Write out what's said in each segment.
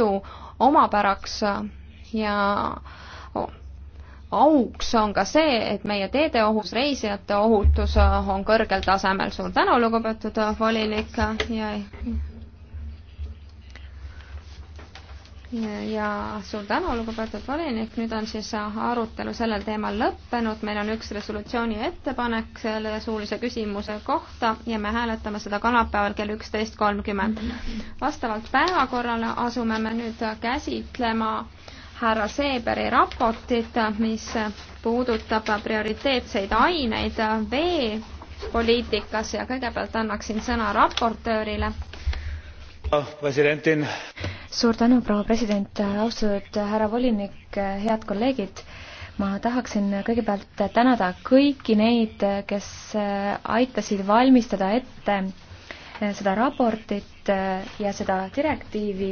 Liidu omapäraks ja auks on ka see, et meie teede ohus, reisijate ohutus on kõrgel tasemel. suur tänu, lugupeetud volinik ja ja suur tänu, lugupeetud volinik, nüüd on siis arutelu sellel teemal lõppenud, meil on üks resolutsiooni ettepanek selle suulise küsimuse kohta ja me hääletame seda kolmapäeval kell üksteist kolmkümmend. vastavalt päevakorrale asume me nüüd käsitlema härra Seeberi raportit, mis puudutab prioriteetseid aineid veepoliitikas ja kõigepealt annaksin sõna raportöörile. presidentin suur tänu, proua president, austatud härra volinik, head kolleegid. ma tahaksin kõigepealt tänada kõiki neid, kes aitasid valmistada ette seda raportit äh, ja seda direktiivi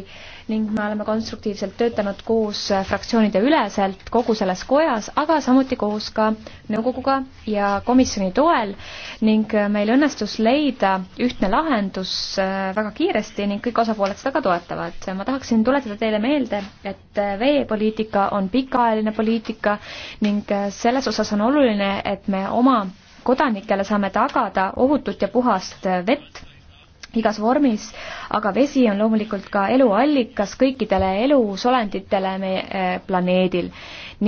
ning me oleme konstruktiivselt töötanud koos äh, fraktsioonide üleselt kogu selles kojas, aga samuti koos ka nõukoguga ja komisjoni toel ning äh, meil õnnestus leida ühtne lahendus väga kiiresti ning kõik osapooled seda ka toetavad. ma tahaksin tuletada teile meelde, et veepoliitika on pikaajaline poliitika ning selles osas on oluline, et me oma kodanikele saame tagada ohutut ja puhast vett igas vormis, aga vesi on loomulikult ka eluallikas kõikidele elusolenditele meie eh, planeedil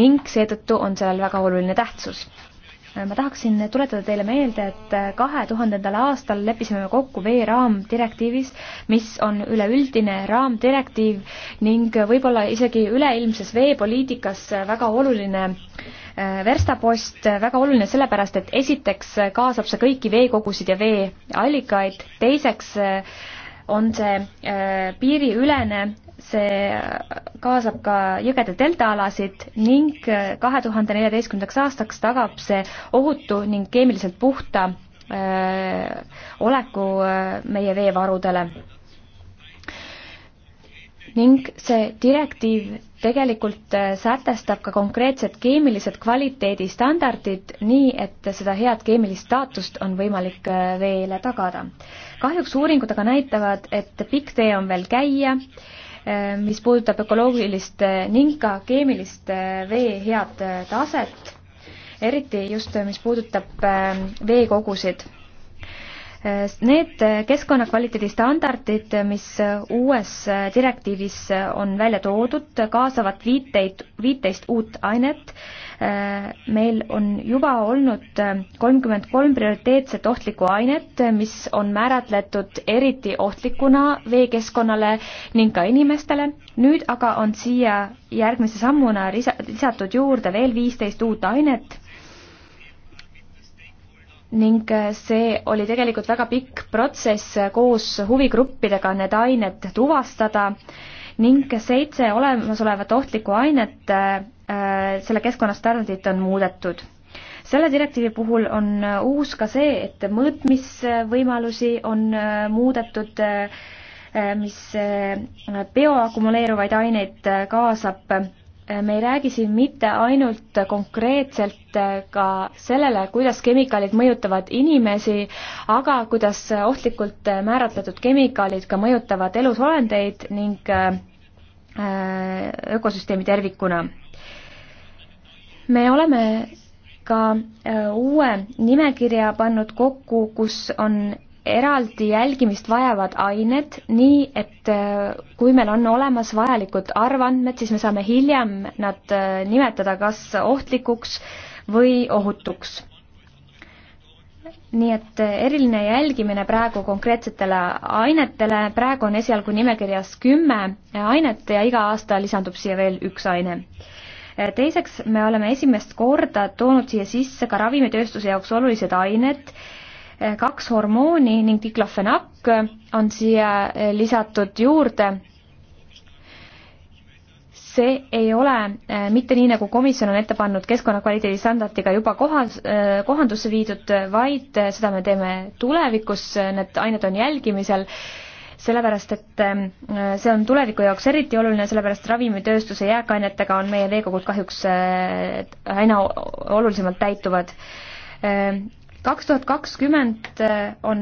ning seetõttu on sellel väga oluline tähtsus ma tahaksin tuletada teile meelde, et kahe tuhandendal aastal leppisime kokku veeraamdirektiivis, mis on üleüldine raamdirektiiv ning võib-olla isegi üleilmses veepoliitikas väga oluline äh, verstapost, väga oluline sellepärast, et esiteks kaasab see kõiki veekogusid ja veeallikaid, teiseks äh, on see äh, piiriülene see kaasab ka jõgede deltaalasid ning kahe tuhande neljateistkümnendaks aastaks tagab see ohutu ning keemiliselt puhta öö, oleku öö, meie veevarudele. ning see direktiiv tegelikult sätestab ka konkreetsed keemilised kvaliteedistandardid, nii et seda head keemilist staatust on võimalik veele tagada. kahjuks uuringud aga näitavad, et pikk tee on veel käia Eh, mis puudutab ökoloogilist eh, ning ka keemilist eh, vee head taset, eriti just, mis puudutab veekogusid Need keskkonnakvaliteedi standardid, mis uues direktiivis on välja toodud, kaasavad viiteid, viiteist uut ainet. meil on juba olnud kolmkümmend kolm prioriteetset ohtlikku ainet, mis on määratletud eriti ohtlikuna veekeskkonnale ning ka inimestele. nüüd aga on siia järgmise sammuna lisatud juurde veel viisteist uut ainet ning see oli tegelikult väga pikk protsess koos huvigruppidega need ained tuvastada ning seitse olemasolevat ohtlikku ainet äh, selle keskkonnastandardit on muudetud. selle direktiivi puhul on uus ka see, et mõõtmisvõimalusi on äh, muudetud, äh, mis bioakumuleeruvaid aineid kaasab me ei räägi siin mitte ainult konkreetselt äh, ka sellele, kuidas kemikaalid mõjutavad inimesi, aga kuidas ohtlikult äh, määratletud kemikaalid ka mõjutavad elusolendeid ning äh, ökosüsteemi tervikuna. me oleme ka uue nimekirja pannud kokku, kus on eraldi jälgimist vajavad ained, nii et äh, kui meil on olemas vajalikud arvandmed, siis me saame hiljem nad äh, nimetada kas ohtlikuks või ohutuks. nii et äh, eriline jälgimine praegu konkreetsetele ainetele, praegu on esialgu nimekirjas kümme ainet ja iga aasta lisandub siia veel üks aine teiseks, me oleme esimest korda toonud siia sisse ka ravimitööstuse jaoks olulised ained kaks hormooni ning diklofenakk on siia lisatud juurde. see ei ole äh, mitte nii, nagu komisjon on ette pannud keskkonnakvaliteedi standardiga juba kohas, äh, kohandusse viidud, vaid äh, seda me teeme tulevikus, need ained on jälgimisel sellepärast, et see on tuleviku jaoks eriti oluline, sellepärast ravimitööstuse jääkainetega on meie veekogud kahjuks aina olulisemalt täituvad kaks tuhat kakskümmend on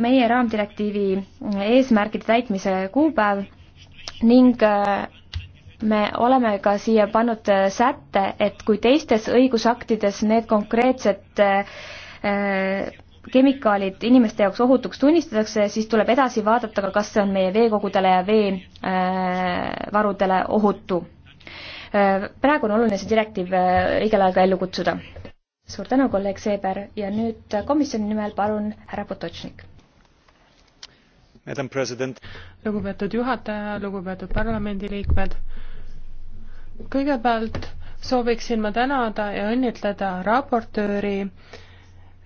meie raamdirektiivi eesmärgide täitmise kuupäev ning äh, me oleme ka siia pannud äh, sätte, et kui teistes õigusaktides need konkreetsed äh, kemikaalid inimeste jaoks ohutuks tunnistatakse, siis tuleb edasi vaadata ka, kas see on meie veekogudele ja veevarudele ohutu. praegu on oluline see direktiiv õigel ajal ka ellu kutsuda suur tänu, kolleeg Seeber ja nüüd komisjoni nimel palun härra Potočnik. lugupeetud juhataja, lugupeetud parlamendiliikmed, kõigepealt sooviksin ma tänada ja õnnitleda raportööri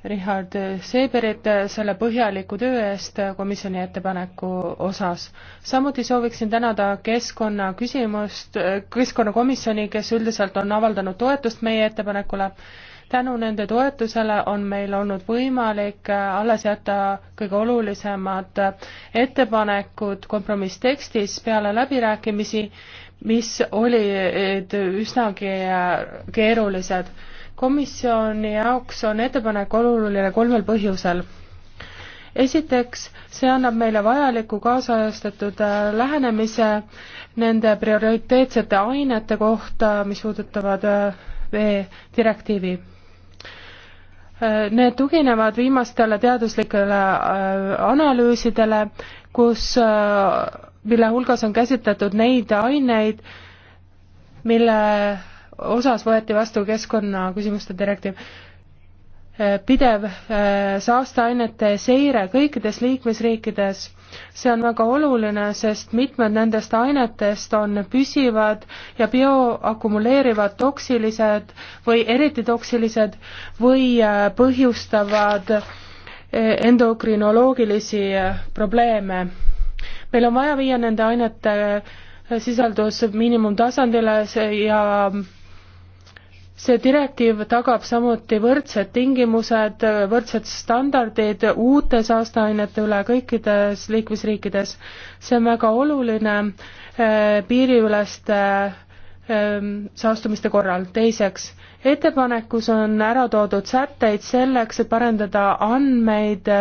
Richard Seeberit selle põhjaliku töö eest komisjoni ettepaneku osas. samuti sooviksin tänada keskkonnaküsimust, keskkonnakomisjoni, kes üldiselt on avaldanud toetust meie ettepanekule tänu nende toetusele on meil olnud võimalik äh, alles jätta kõige olulisemad äh, ettepanekud kompromisstekstis peale läbirääkimisi, mis olid äh, üsnagi keerulised. komisjoni jaoks on ettepanek oluline kolmel põhjusel esiteks, see annab meile vajaliku kaasajastatud lähenemise nende prioriteetsete ainete kohta, mis puudutavad veedirektiivi Need tuginevad viimastele teaduslikele äh, analüüsidele, kus, äh, mille hulgas on käsitletud neid aineid, mille osas võeti vastu keskkonnaküsimuste direktiiv. Äh, pidev saasteainete seire kõikides liikmesriikides see on väga oluline, sest mitmed nendest ainetest on püsivad ja bioakumuleerivad toksilised või eriti toksilised või äh, põhjustavad äh, endokrinoloogilisi äh, probleeme. meil on vaja viia nende ainete sisaldus miinimumtasandile ja see direktiiv tagab samuti võrdsed tingimused, võrdsed standardid uute saasteainete üle kõikides liikmesriikides. see on väga oluline eh, piiriüleste eh, saastumiste korral. teiseks, ettepanekus on ära toodud sätteid selleks, et parendada andmeid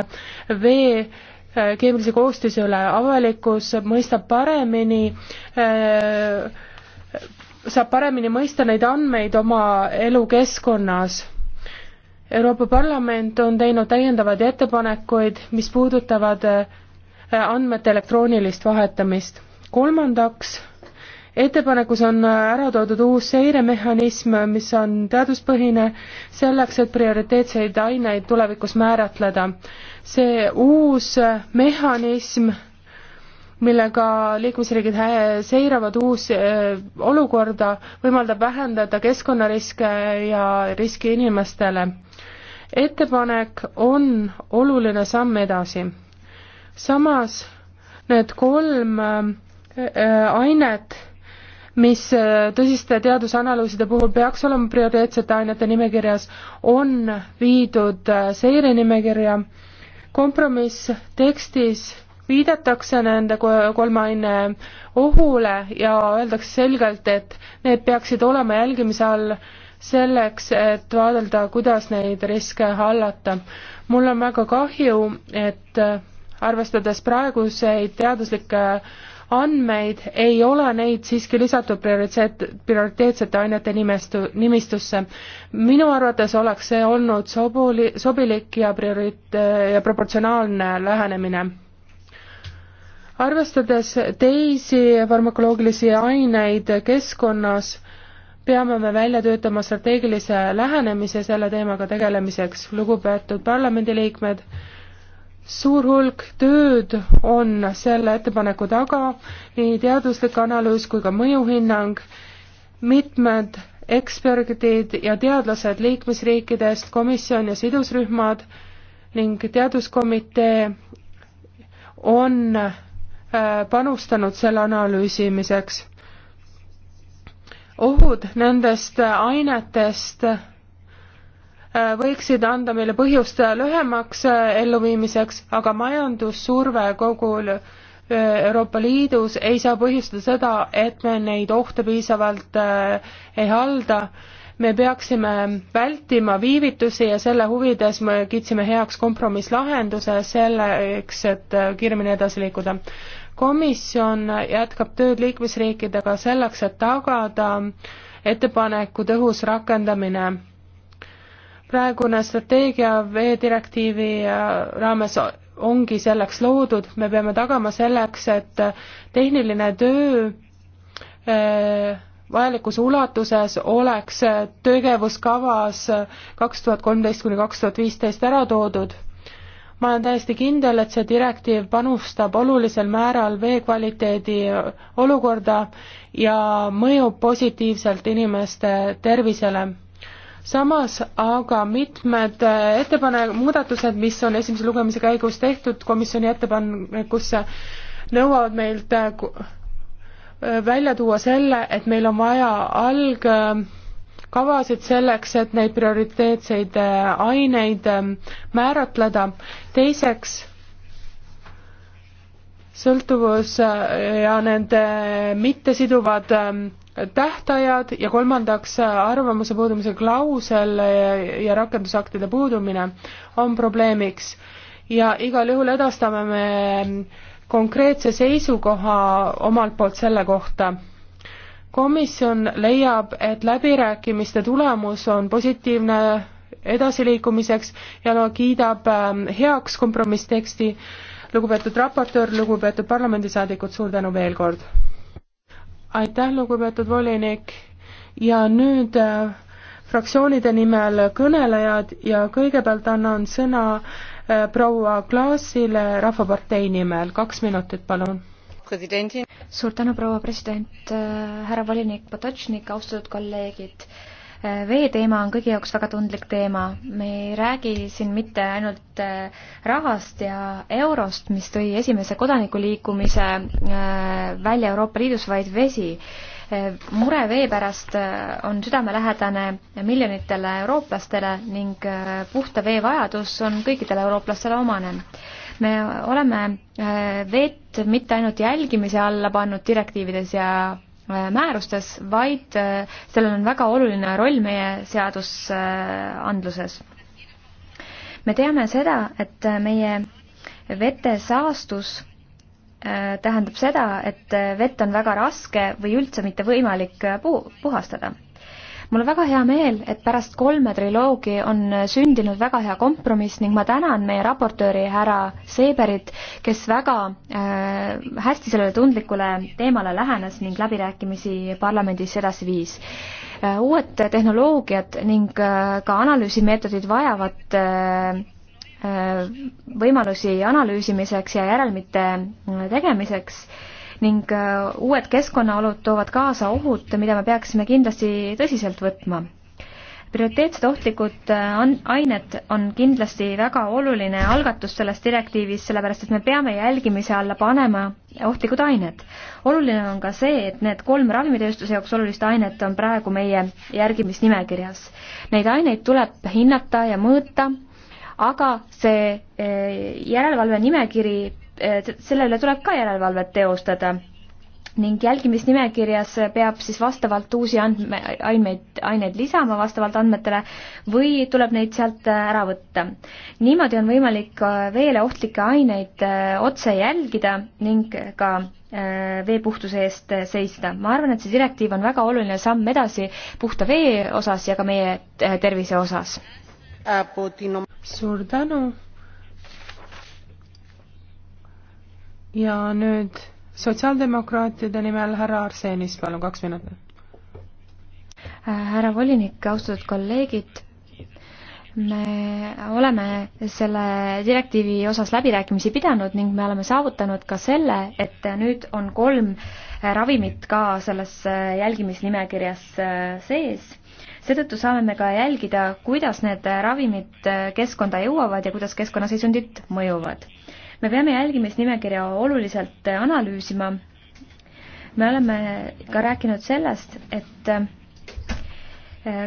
vee eh, keemilise koostise üle. avalikkus mõistab paremini saab paremini mõista neid andmeid oma elukeskkonnas. Euroopa Parlament on teinud täiendavaid ettepanekuid, mis puudutavad äh, andmete elektroonilist vahetamist. kolmandaks, ettepanekus on äh, ära toodud uus seiremehhanism, mis on teaduspõhine, selleks, et prioriteetseid aineid tulevikus määratleda. see uus äh, mehhanism millega liikmesriigid seiravad uus äh, olukorda, võimaldab vähendada keskkonnariske ja riski inimestele. ettepanek on oluline samm edasi. samas need kolm äh, äh, ainet, mis tõsiste teadusanalüüside puhul peaks olema prioriteetsete ainete nimekirjas, on viidud seirenimekirja kompromisstekstis viidatakse nende kolme aine ohule ja öeldakse selgelt, et need peaksid olema jälgimise all selleks, et vaadelda, kuidas neid riske hallata. mul on väga kahju, et arvestades praeguseid teaduslikke andmeid, ei ole neid siiski lisatud prioriteet, prioriteetsete ainete nimestu, nimistusse. minu arvates oleks see olnud sobuli, sobilik ja priori- ja proportsionaalne lähenemine arvestades teisi farmakoloogilisi aineid keskkonnas, peame me välja töötama strateegilise lähenemise selle teemaga tegelemiseks, lugupeetud parlamendiliikmed, suur hulk tööd on selle ettepaneku taga, nii teaduslik analüüs kui ka mõjuhinnang, mitmed eksperdid ja teadlased liikmesriikidest, komisjon ja sidusrühmad ning teaduskomitee on Äh, panustanud selle analüüsimiseks. ohud nendest ainetest äh, võiksid anda meile põhjust lühemaks äh, elluviimiseks, aga majandussurve kogu Euroopa Liidus ei saa põhjustada seda, et me neid ohte piisavalt ei halda. me peaksime vältima viivitusi ja selle huvides me kiitsime heaks kompromisslahenduse selleks, et kiiremini edasi liikuda komisjon jätkab tööd liikmesriikidega selleks, et tagada ettepaneku tõhus rakendamine. praegune strateegia veedirektiivi äh, raames ongi selleks loodud, me peame tagama selleks, et tehniline töö äh, vajalikus ulatuses oleks äh, tegevuskavas kaks tuhat kolmteist kuni kaks tuhat viisteist ära toodud ma olen täiesti kindel, et see direktiiv panustab olulisel määral vee kvaliteedi olukorda ja mõjub positiivselt inimeste tervisele. samas aga mitmed ettepane-, muudatused, mis on esimese lugemise käigus tehtud komisjoni ettepanekusse, nõuavad meilt välja tuua selle, et meil on vaja alg- kavasid selleks, et neid prioriteetseid äh, aineid ähm, määratleda. teiseks, sõltuvus äh, ja nende mittesiduvad ähm, tähtajad ja kolmandaks äh, arvamuse puudumise klausel ja rakendusaktide puudumine on probleemiks ja igal juhul edastame me ähm, konkreetse seisukoha omalt poolt selle kohta komisjon leiab, et läbirääkimiste tulemus on positiivne edasiliikumiseks ja no kiidab ähm, heaks kompromissteksti. lugupeetud raportöör, lugupeetud parlamendisaadikud, suur tänu veel kord! aitäh, lugupeetud volinik ja nüüd äh, fraktsioonide nimel kõnelejad ja kõigepealt annan sõna äh, proua Klaasile Rahvapartei nimel, kaks minutit, palun suur tänu, proua president, äh, härra volinik Potočnik, austatud kolleegid äh, veeteema on kõigi jaoks väga tundlik teema. me ei räägi siin mitte ainult äh, rahast ja eurost, mis tõi esimese kodanikuliikumise välja Euroopa Liidus, vaid vesi. mure vee pärast on südamelähedane miljonitele eurooplastele ning puhta vee vajadus on kõikidele eurooplastele omane me oleme äh, vett mitte ainult jälgimise alla pannud direktiivides ja äh, määrustes, vaid äh, sellel on väga oluline roll meie seadusandluses. me teame seda, et meie vete saastus tähendab seda, et vett on väga raske või üldse mitte võimalik puhastada mul on väga hea meel, et pärast kolme triloogi on sündinud väga hea kompromiss ning ma tänan meie raportööri härra Seeberit, kes väga äh, hästi sellele tundlikule teemale lähenes ning läbirääkimisi parlamendis edasi viis äh,. uued tehnoloogiad ning äh, ka analüüsimeetodid vajavad äh, äh võimalusi analüüsimiseks ja järelmite äh, tegemiseks äh, ning äh, uued keskkonnaolud toovad kaasa ohud, mida me peaksime kindlasti tõsiselt võtma prioriteetsed ohtlikud äh, ained on kindlasti väga oluline algatus selles direktiivis, sellepärast et me peame jälgimise alla panema ohtlikud ained. oluline on ka see, et need kolm ravimitööstuse jaoks olulist ainet on praegu meie järgimisnimekirjas. Neid aineid tuleb hinnata ja mõõta, aga see äh, järelevalve nimekiri sellele tuleb ka järelevalvet teostada ning jälgimisnimekirjas peab siis vastavalt uusi andme, aineid, aineid lisama vastavalt andmetele või tuleb neid sealt äh, ära võtta. niimoodi on võimalik äh, veele ohtlikke aineid äh, otse jälgida ning ka veepuhtuse eest seista. ma arvan, et see direktiiv on väga oluline samm edasi puhta vee osas ja ka meie tervise osas. suur tänu ja nüüd sotsiaaldemokraatide nimel härra Arsenis, palun kaks minutit. härra volinik, austatud kolleegid me oleme selle direktiivi osas läbirääkimisi pidanud ning me oleme saavutanud ka selle, et nüüd on kolm ravimit ka selles jälgimisnimekirjas sees. seetõttu saame me ka jälgida, kuidas need ravimid keskkonda jõuavad ja kuidas keskkonnaseisundit mõjuvad me peame jälgimisnimekirja oluliselt äh, analüüsima. me oleme ka rääkinud sellest, et äh,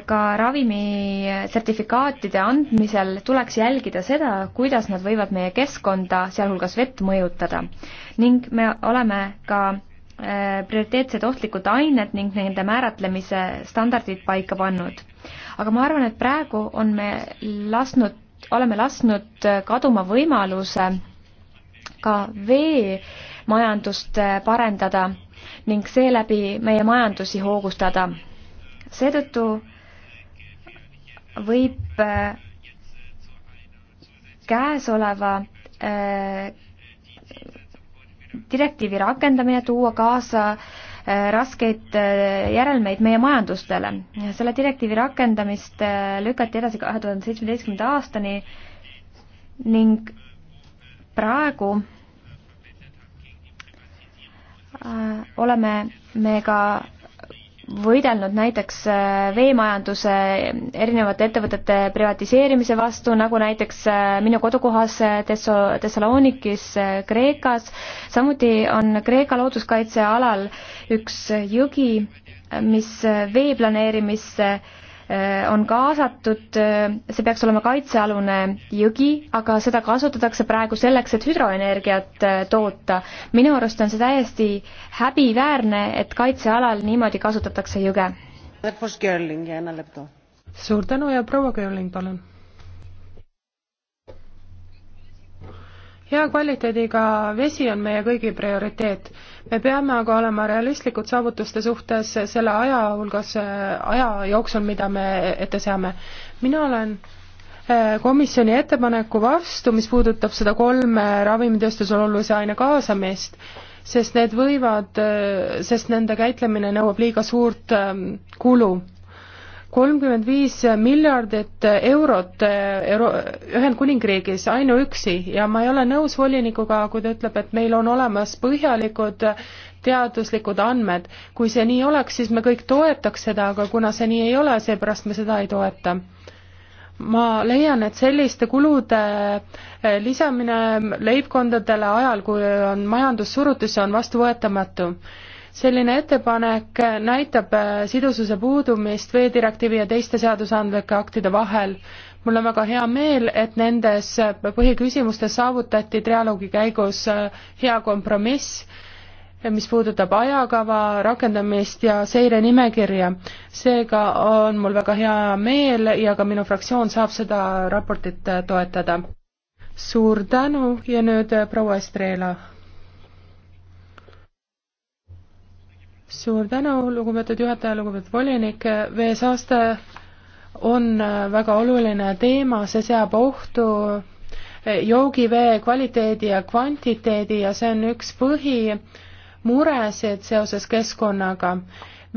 ka ravimisertifikaatide andmisel tuleks jälgida seda, kuidas nad võivad meie keskkonda, sealhulgas vett, mõjutada. ning me oleme ka äh, prioriteetsed ohtlikud ained ning nende määratlemise standardid paika pannud. aga ma arvan, et praegu on me lasknud, oleme lasknud kaduma võimaluse ka veemajandust äh, parendada ning seeläbi meie majandusi hoogustada. seetõttu võib äh, käesoleva äh, direktiivi rakendamine tuua kaasa raskeid järelmeid meie majandustele. selle direktiivi rakendamist lükati edasi kahe tuhande seitsmeteistkümnenda aastani ning praegu äh, oleme me ka võidelnud näiteks äh, veemajanduse erinevate ettevõtete privatiseerimise vastu, nagu näiteks äh, minu kodukohas Tesso-, Thessalonikis Kreekas. samuti on Kreeka looduskaitsealal üks jõgi, mis veeplaneerimisse äh, Äh, on kaasatud, äh, see peaks olema kaitsealune jõgi, aga seda kasutatakse praegu selleks, et hüdroenergiat äh, toota. minu arust on see täiesti häbiväärne, et kaitsealal niimoodi kasutatakse jõge. suur tänu ja proua Görling, palun hea kvaliteediga vesi on meie kõigi prioriteet. me peame aga olema realistlikud saavutuste suhtes selle aja hulgas, äh, aja jooksul, mida me ette seame. mina olen äh, komisjoni ettepaneku vastu, mis puudutab seda kolme ravimitööstusel olulise aine kaasamist, sest need võivad, äh, sest nende käitlemine nõuab liiga suurt ähm, kulu kolmkümmend viis miljardit eurot eh, Euro-, Ühendkuningriigis ainuüksi ja ma ei ole nõus volinikuga, kui ta ütleb, et meil on olemas põhjalikud teaduslikud andmed. kui see nii oleks, siis me kõik toetaks seda, aga kuna see nii ei ole, seepärast me seda ei toeta ma leian, et selliste kulude eh, lisamine leibkondadele ajal, kui on majandussurutus, on vastuvõetamatu selline ettepanek näitab äh, sidususe puudumist veedirektiivi ja teiste seadusandlike aktide vahel. mul on väga hea meel, et nendes äh, põhiküsimustes saavutati trialoogi käigus äh, hea kompromiss, mis puudutab ajakava, rakendamist ja seirenimekirja. seega on mul väga hea meel ja ka minu fraktsioon saab seda raportit toetada. suur tänu ja nüüd proua Estrela suur tänu, lugupeetud juhataja, lugupeetud volinik, veesaaste on väga oluline teema, see seab ohtu joogivee kvaliteedi ja kvantiteedi ja see on üks põhimuresid seoses keskkonnaga.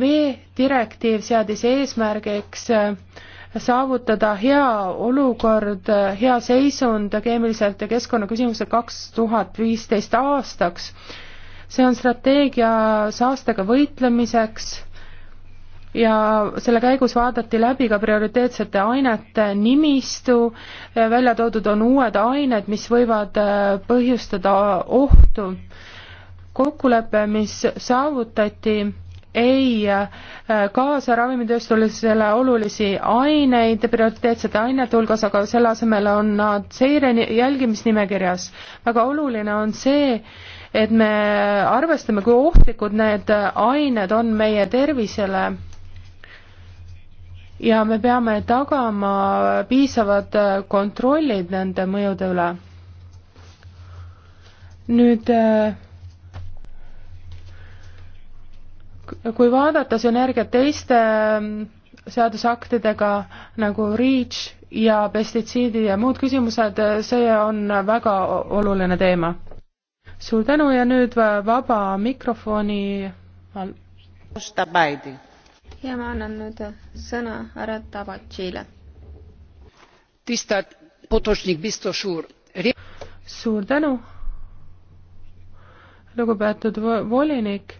veedirektiiv seadis eesmärgiks saavutada hea olukord, hea seisund keemiliselt ja keskkonnaküsimused kaks tuhat viisteist aastaks see on strateegia saastega võitlemiseks ja selle käigus vaadati läbi ka prioriteetsete ainete nimistu, välja toodud on uued ained, mis võivad äh, põhjustada ohtu. kokkulepe, mis saavutati, ei äh, kaasa ravimitööstusele olulisi aineid prioriteetsete ainete hulgas, aga selle asemel on nad seire jälgimisnimekirjas. väga oluline on see, et me arvestame, kui ohtlikud need ained on meie tervisele ja me peame tagama piisavad kontrollid nende mõjude üle. nüüd kui vaadata sünergiat teiste seadusaktidega nagu REACH ja pestitsiidid ja muud küsimused, see on väga oluline teema suur tänu ja nüüd vaba mikrofoni all. ja ma annan nüüd sõna härra Tabatšile. suur tänu, lugupeetud volinik.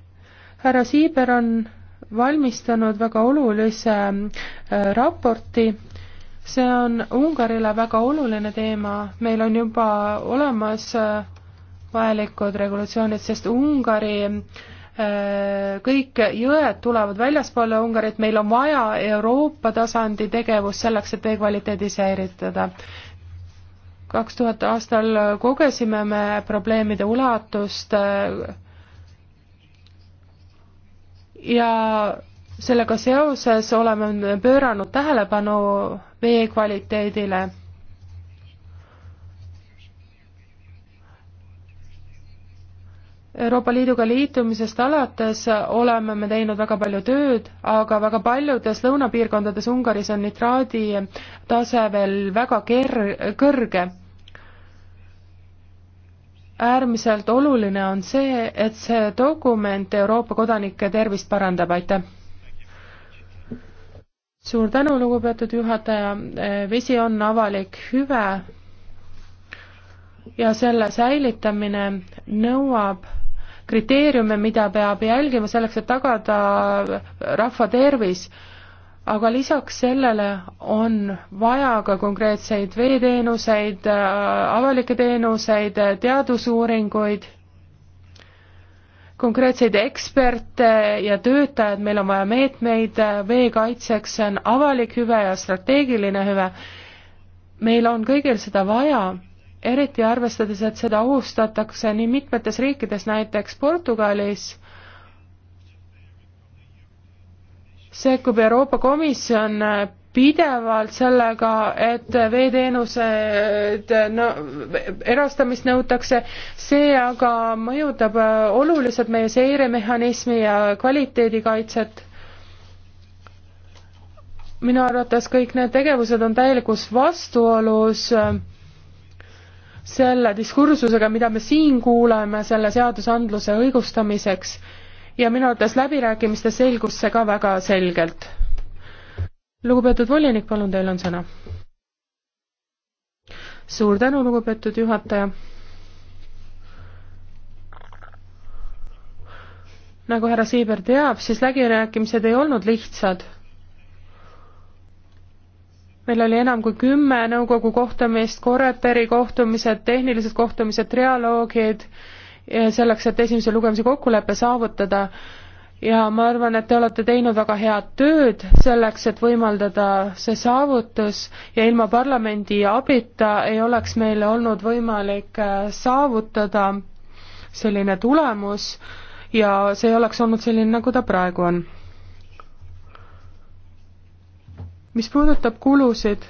härra Siiber on valmistanud väga olulise äh, raporti see on Ungarile väga oluline teema, meil on juba olemas äh, vajalikud regulatsioonid, sest Ungari äh, kõik jõed tulevad väljaspoole Ungarit, meil on vaja Euroopa tasandi tegevust selleks, et vee kvaliteedi säilitada. kaks tuhat aastal kogesime me probleemide ulatust äh, ja sellega seoses oleme pööranud tähelepanu vee kvaliteedile Euroopa Liiduga liitumisest alates oleme me teinud väga palju tööd, aga väga paljudes lõunapiirkondades Ungaris on nitraadi tase veel väga ker-, kõrge. äärmiselt oluline on see, et see dokument Euroopa kodanike tervist parandab, aitäh! suur tänu, lugupeetud juhataja, vesi on avalik hüve ja selle säilitamine nõuab kriteeriume, mida peab jälgima selleks, et tagada rahva tervis, aga lisaks sellele on vaja ka konkreetseid veeteenuseid, äh, avalikke teenuseid, teadusuuringuid, konkreetseid eksperte ja töötajaid, meil on vaja meetmeid äh, vee kaitseks, see on avalik hüve ja strateegiline hüve. meil on kõigil seda vaja eriti arvestades, et seda ohustatakse nii mitmetes riikides, näiteks Portugalis, sekkub Euroopa Komisjon pidevalt sellega, et veeteenused no, erastamist nõutakse, see aga mõjutab oluliselt meie seiremehhanismi ja kvaliteedikaitset. minu arvates kõik need tegevused on täielikus vastuolus äh, selle diskursusega, mida me siin kuuleme selle seadusandluse õigustamiseks ja minu arvates läbirääkimistes selgus see ka väga selgelt. lugupeetud volinik, palun, teil on sõna. suur tänu, lugupeetud juhataja nagu härra Siiber teab, siis läbirääkimised ei olnud lihtsad meil oli enam kui kümme nõukogu kohtumist, Coreperi kohtumised, tehnilised kohtumised, trialoogid, selleks, et esimese lugemise kokkulepe saavutada. ja ma arvan, et te olete teinud väga head tööd selleks, et võimaldada see saavutus ja ilma parlamendi abita ei oleks meil olnud võimalik äh, saavutada selline tulemus ja see ei oleks olnud selline, nagu ta praegu on mis puudutab kulusid,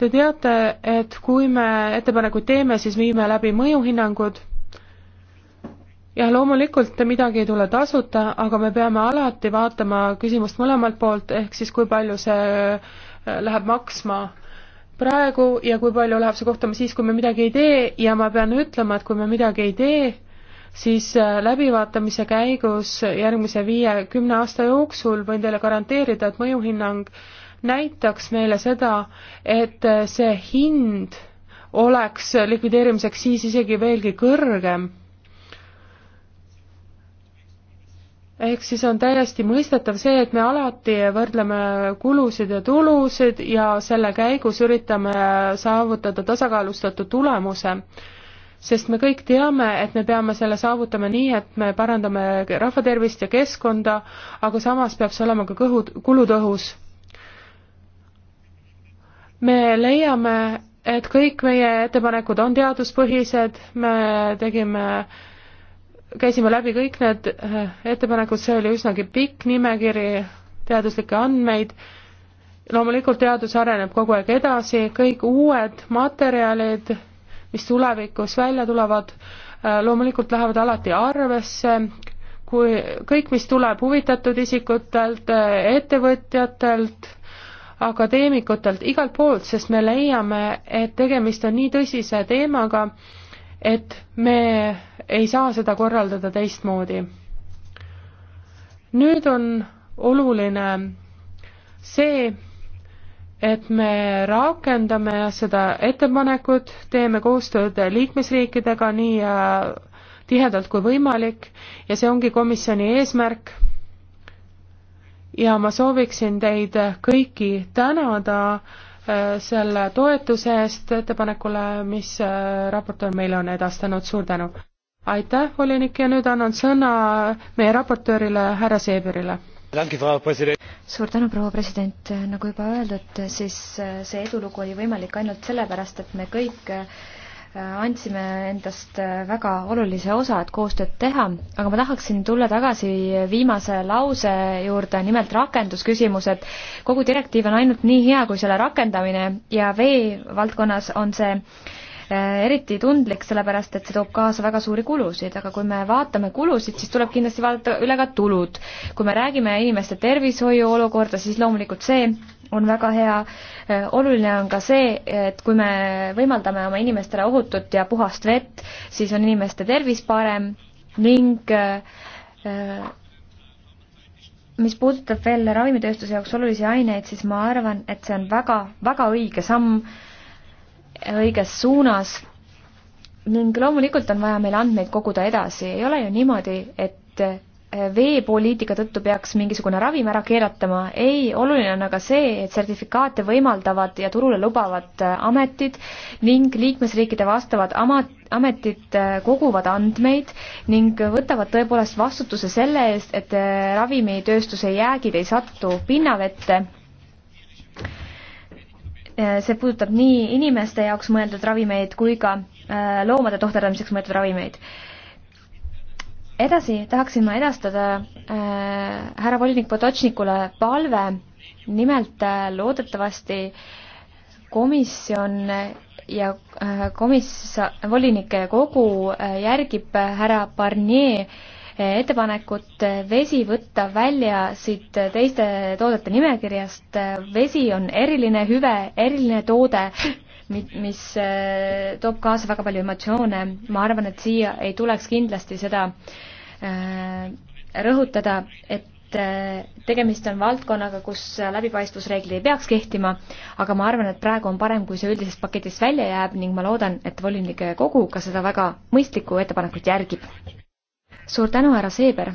te teate, et kui me ettepanekuid teeme, siis viime läbi mõjuhinnangud. jah, loomulikult midagi ei tule tasuta, aga me peame alati vaatama küsimust mõlemalt poolt, ehk siis kui palju see äh, läheb maksma praegu ja kui palju läheb see kohtama siis, kui me midagi ei tee ja ma pean ütlema, et kui me midagi ei tee, siis äh, läbivaatamise käigus järgmise viie-kümne aasta jooksul võin teile garanteerida, et mõjuhinnang näitaks meile seda, et äh, see hind oleks likvideerimiseks siis isegi veelgi kõrgem. ehk siis on täiesti mõistetav see, et me alati võrdleme kulusid ja tulusid ja selle käigus üritame saavutada tasakaalustatud tulemuse sest me kõik teame, et me peame selle saavutama nii, et me parandame rahvatervist ja keskkonda, aga samas peab see olema ka kõhu, kulutõhus. me leiame, et kõik meie ettepanekud on teaduspõhised, me tegime, käisime läbi kõik need äh, ettepanekud, see oli üsnagi pikk nimekiri teaduslikke andmeid, loomulikult teadus areneb kogu aeg edasi, kõik uued materjalid, mis tulevikus välja tulevad, äh, loomulikult lähevad alati arvesse, kui kõik, mis tuleb huvitatud isikutelt, äh, ettevõtjatelt, akadeemikutelt, igalt poolt, sest me leiame, et tegemist on nii tõsise teemaga, et me ei saa seda korraldada teistmoodi. nüüd on oluline see, et me rakendame seda ettepanekut, teeme koostööd liikmesriikidega nii äh, tihedalt kui võimalik ja see ongi komisjoni eesmärk. ja ma sooviksin teid kõiki tänada äh, selle toetuse eest ettepanekule, mis äh, raportöör meile on edastanud, suur tänu! aitäh, volinik, ja nüüd annan sõna meie raportöörile, härra Seeberile suur tänu, proua president, nagu juba öeldud, siis äh, see edulugu oli võimalik ainult sellepärast, et me kõik äh, andsime endast äh, väga olulise osa, et koostööd teha, aga ma tahaksin tulla tagasi viimase lause juurde, nimelt rakendusküsimused. kogu direktiiv on ainult nii hea kui selle rakendamine ja vee valdkonnas on see äh, Äh, eriti tundlik, sellepärast et see toob kaasa väga suuri kulusid, aga kui me vaatame kulusid, siis tuleb kindlasti vaadata üle ka tulud. kui me räägime inimeste tervishoiu olukorda, siis loomulikult see on väga hea. Äh, oluline on ka see, et kui me võimaldame oma inimestele ohutut ja puhast vett, siis on inimeste tervis parem ning äh, mis puudutab veel ravimitööstuse jaoks olulisi aineid, siis ma arvan, et see on väga, väga õige samm õiges suunas ning loomulikult on vaja meil andmeid koguda edasi, ei ole ju niimoodi, et eh, veepoliitika tõttu peaks mingisugune ravim ära keeratama, ei, oluline on aga see, et sertifikaate võimaldavad ja turule lubavad eh, ametid ning liikmesriikide vastavad amat-, ametid eh, koguvad andmeid ning võtavad tõepoolest vastutuse selle eest, et ravimitööstuse jäägid ei satu pinnavette Äh, see puudutab nii inimeste jaoks mõeldud ravimeid kui ka äh, loomade tohterdamiseks mõeldud ravimeid. edasi tahaksin ma edastada äh, härra volinik Potočnikule palve, nimelt äh, loodetavasti komisjon ja äh, komissa-, volinike kogu äh, järgib äh, härra Barnier äh, ettepanekut vesi võtta välja siit teiste toodete nimekirjast. vesi on eriline hüve, eriline toode, mis äh, toob kaasa väga palju emotsioone. ma arvan, et siia ei tuleks kindlasti seda äh, rõhutada, et äh, tegemist on valdkonnaga, kus läbipaistvusreeglid ei peaks kehtima, aga ma arvan, et praegu on parem, kui see üldisest paketist välja jääb ning ma loodan, et volinike kogu ka seda väga mõistlikku ettepanekut järgib suur tänu, härra Seeber.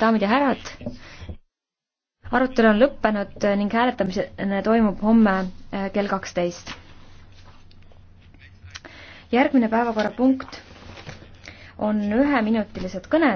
daamid ja härrad, arutelu on lõppenud ning hääletamine toimub homme äh, kell kaksteist. järgmine päevakorrapunkt on üheminutilised kõned.